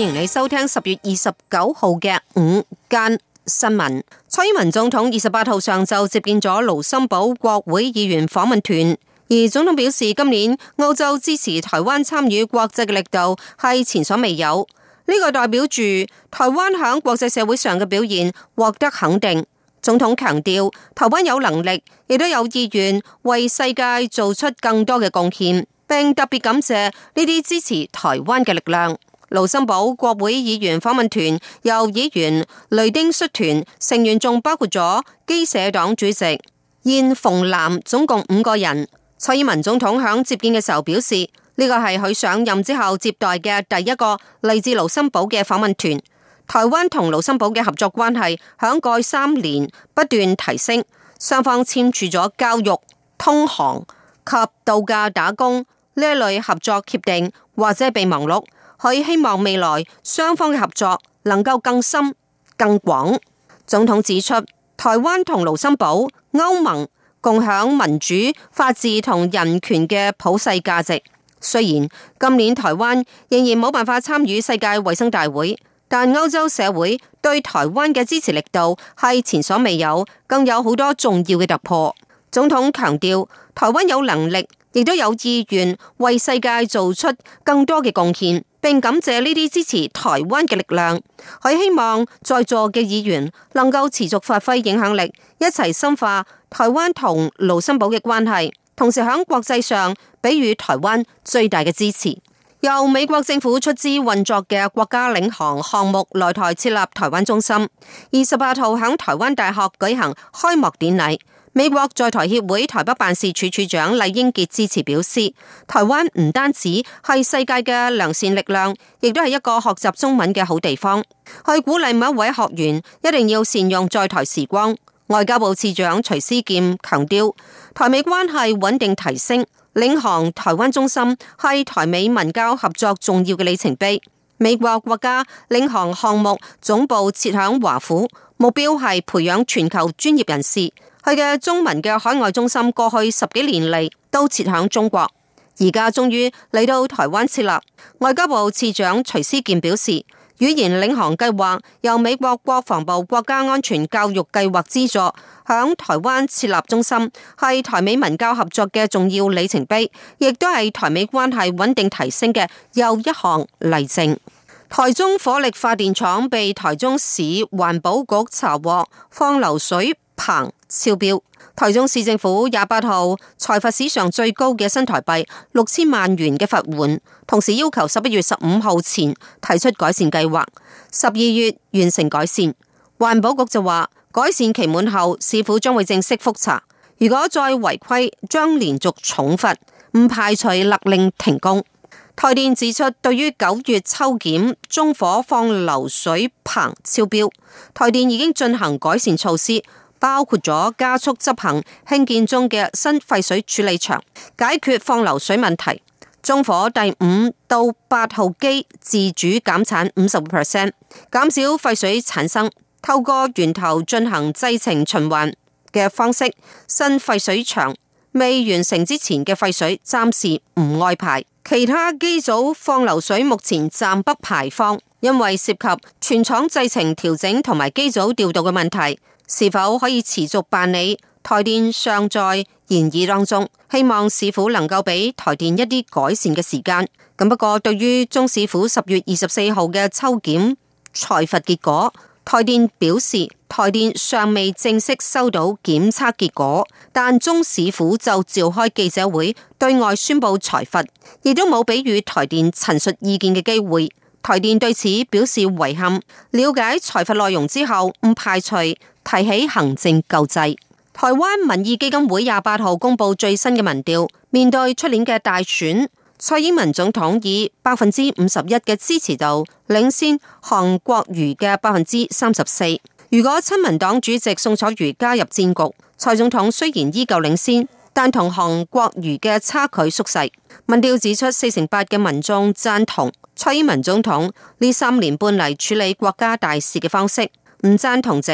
歡迎你收聽十月二十九號嘅午間新聞。蔡英文總統二十八號上晝接見咗盧森堡國會議員訪問團，而總統表示，今年歐洲支持台灣參與國際嘅力度係前所未有。呢個代表住台灣響國際社會上嘅表現獲得肯定。總統強調，台灣有能力，亦都有意願為世界做出更多嘅貢獻，並特別感謝呢啲支持台灣嘅力量。盧森堡國會議員訪問團由議員雷丁率團，成員仲包括咗基社黨主席燕鳳南，總共五個人。蔡英文總統響接見嘅時候表示，呢個係佢上任之後接待嘅第一個嚟自盧森堡嘅訪問團。台灣同盧森堡嘅合作關係響過三年不斷提升，雙方簽署咗教育、通航及度假打工呢一類合作協定或者備忘錄。佢希望未來雙方嘅合作能夠更深更廣。總統指出，台灣同盧森堡、歐盟共享民主、法治同人權嘅普世價值。雖然今年台灣仍然冇辦法參與世界衛生大會，但歐洲社會對台灣嘅支持力度係前所未有，更有好多重要嘅突破。總統強調，台灣有能力，亦都有意願為世界做出更多嘅貢獻。並感謝呢啲支持台灣嘅力量，佢希望在座嘅議員能夠持續發揮影響力，一齊深化台灣同盧森堡嘅關係，同時喺國際上俾予台灣最大嘅支持。由美國政府出資運作嘅國家領航項目來台設立台灣中心，二十八號喺台灣大學舉行開幕典禮。美國在台協會台北辦事處處長酈英傑支持表示，台灣唔單止係世界嘅良善力量，亦都係一個學習中文嘅好地方。去鼓勵某一位學員一定要善用在台時光。外交部次長徐斯儉強調，台美關係穩定提升，領航台灣中心係台美文教合作重要嘅里程碑。美國國家領航項目總部設響華府，目標係培養全球專業人士。佢嘅中文嘅海外中心過去十幾年嚟都設響中國，而家終於嚟到台灣設立。外交部次長徐思健表示。語言領航計劃由美國國防部國家安全教育計劃資助，響台灣設立中心，係台美文教合作嘅重要里程碑，亦都係台美關係穩定提升嘅又一項例證。台中火力發電廠被台中市環保局查獲，放流水硼超標。台中市政府廿八號裁罰史上最高嘅新台幣六千萬元嘅罰款，同時要求十一月十五號前提出改善計劃，十二月完成改善。環保局就話，改善期滿後市府將會正式復查。如果再違規，將連續重罰，唔排除勒令停工。台電指出對於，對於九月抽檢中火放流水硼超標，台電已經進行改善措施。包括咗加速執行興建中嘅新廢水處理場，解決放流水問題；中火第五到八號機自主減產五十個 percent，減少廢水產生。透過源頭進行製程循環嘅方式，新廢水場未完成之前嘅廢水暫時唔外排。其他機組放流水目前暫不排放，因為涉及全廠製程調整同埋機組調度嘅問題。是否可以持續辦理？台電尚在研議當中，希望市府能夠俾台電一啲改善嘅時間。咁不過，對於中市府十月二十四號嘅抽檢裁罰結果，台電表示台電尚未正式收到檢測結果，但中市府就召開記者會對外宣布裁罰，亦都冇俾予台電陳述意見嘅機會。台電對此表示遺憾。了解裁罰內容之後，唔排除，提起行政救濟，台灣民意基金會廿八號公布最新嘅民調，面對出年嘅大選，蔡英文總統以百分之五十一嘅支持度領先韓國瑜嘅百分之三十四。如果親民黨主席宋楚瑜加入戰局，蔡總統雖然依舊領先，但同韓國瑜嘅差距縮細。民調指出，四成八嘅民眾讚同蔡英文總統呢三年半嚟處理國家大事嘅方式，唔讚同者。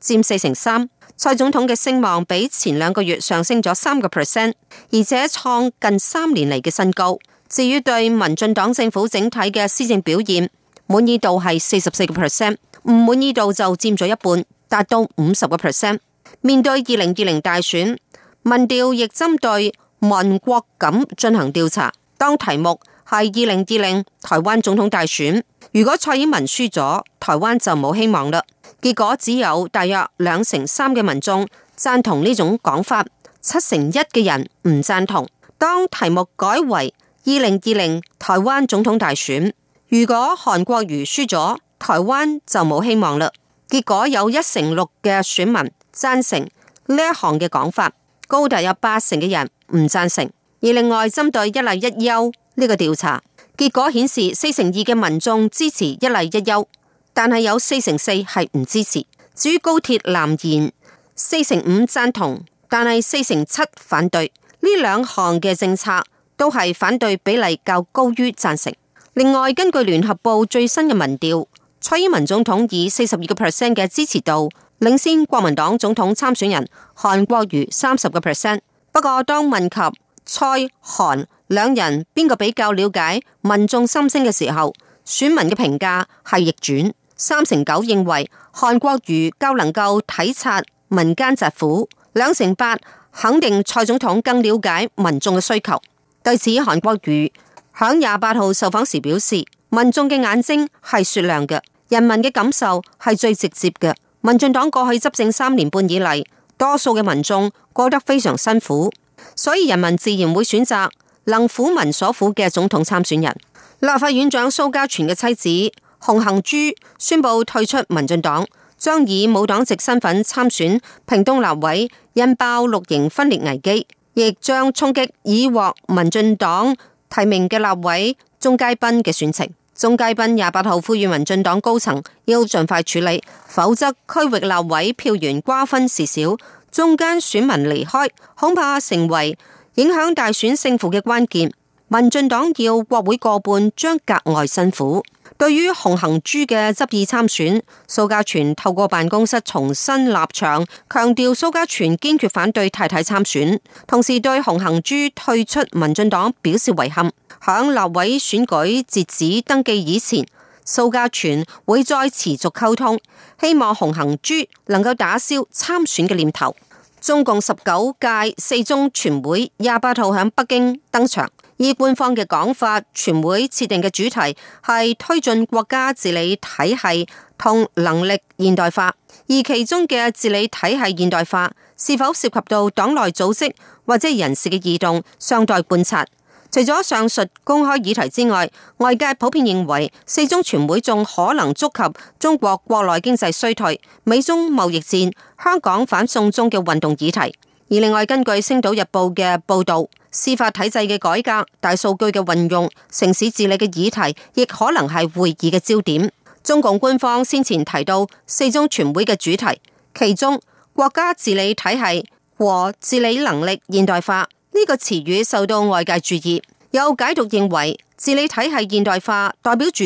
佔四成三，蔡總統嘅聲望比前兩個月上升咗三個 percent，而且創近三年嚟嘅新高。至於對民進黨政府整體嘅施政表現，滿意度係四十四個 percent，唔滿意度就佔咗一半，達到五十個 percent。面對二零二零大選，民調亦針對民國感進行調查，當題目係二零二零台灣總統大選。如果蔡英文輸咗，台灣就冇希望啦。結果只有大約兩成三嘅民眾贊同呢種講法，七成一嘅人唔贊同。當題目改為二零二零台灣總統大選，如果韓國瑜輸咗，台灣就冇希望啦。結果有一成六嘅選民贊成呢一行嘅講法，高達有八成嘅人唔贊成。而另外針對一例一休呢個調查。結果顯示，四成二嘅民眾支持一例一休，但係有四成四係唔支持。至於高鐵南延，四成五贊同，但係四成七反對。呢兩項嘅政策都係反對比例較高於贊成。另外，根據聯合報最新嘅民調，蔡英文總統以四十二個 percent 嘅支持度領先國民黨總統參選人韓國瑜三十個 percent。不過當，當問及蔡韓。兩人邊個比較了解民眾心聲嘅時候，選民嘅評價係逆轉，三成九認為韓國瑜較能夠體察民間疾苦，兩成八肯定蔡總統更了解民眾嘅需求。對此，韓國瑜響廿八號受訪時表示，民眾嘅眼睛係雪亮嘅，人民嘅感受係最直接嘅。民進黨過去執政三年半以嚟，多數嘅民眾過得非常辛苦，所以人民自然會選擇。能苦民所苦嘅總統參選人。立法院長蘇嘉全嘅妻子洪恒珠宣布退出民進黨，將以冇黨籍身份參選屏東立委，引爆綠營分裂危機，亦將衝擊已獲民進黨提名嘅立委鍾佳濱嘅選情。鍾佳濱廿八號呼籲民進黨高層要盡快處理，否則區域立委票源瓜分事小，中間選民離開恐怕成為。影響大選勝負嘅關鍵，民進黨要國會過半將格外辛苦。對於洪恒珠嘅執意參選，蘇嘉全透過辦公室重新立場，強調蘇嘉全堅決反對太太參選，同時對洪恒珠退出民進黨表示遺憾。響立委選舉截止登記以前，蘇嘉全會再持續溝通，希望洪恒珠能夠打消參選嘅念頭。中共十九屆四中全會廿八號響北京登場。以官方嘅講法，全會設定嘅主題係推進國家治理體系同能力現代化，而其中嘅治理體系現代化是否涉及到黨內組織或者人事嘅異動，尚待觀察。除咗上述公開議題之外，外界普遍認為四中全會仲可能觸及中國國內經濟衰退、美中貿易戰、香港反送中嘅運動議題。而另外，根據《星島日報》嘅報道，司法體制嘅改革、大數據嘅運用、城市治理嘅議題，亦可能係會議嘅焦點。中共官方先前提到四中全會嘅主題，其中，國家治理體系和治理能力現代化。呢個詞語受到外界注意，有解讀認為治理體系現代化代表住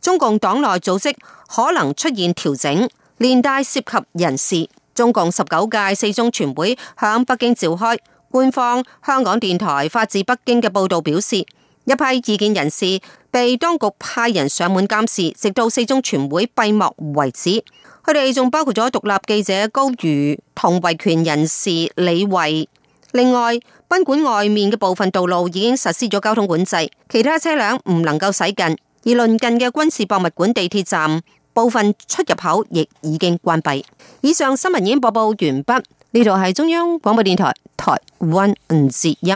中共黨內組織可能出現調整，連帶涉及人士。中共十九屆四中全會響北京召開，官方香港電台發自北京嘅報道表示，一批異見人士被當局派人上門監視，直到四中全會閉幕為止。佢哋仲包括咗獨立記者高瑜同維權人士李慧。另外，賓館外面嘅部分道路已經實施咗交通管制，其他車輛唔能夠駛近。而鄰近嘅軍事博物館地鐵站部分出入口亦已經關閉。以上新聞已經播報完畢。呢度係中央廣播電台台灣節目。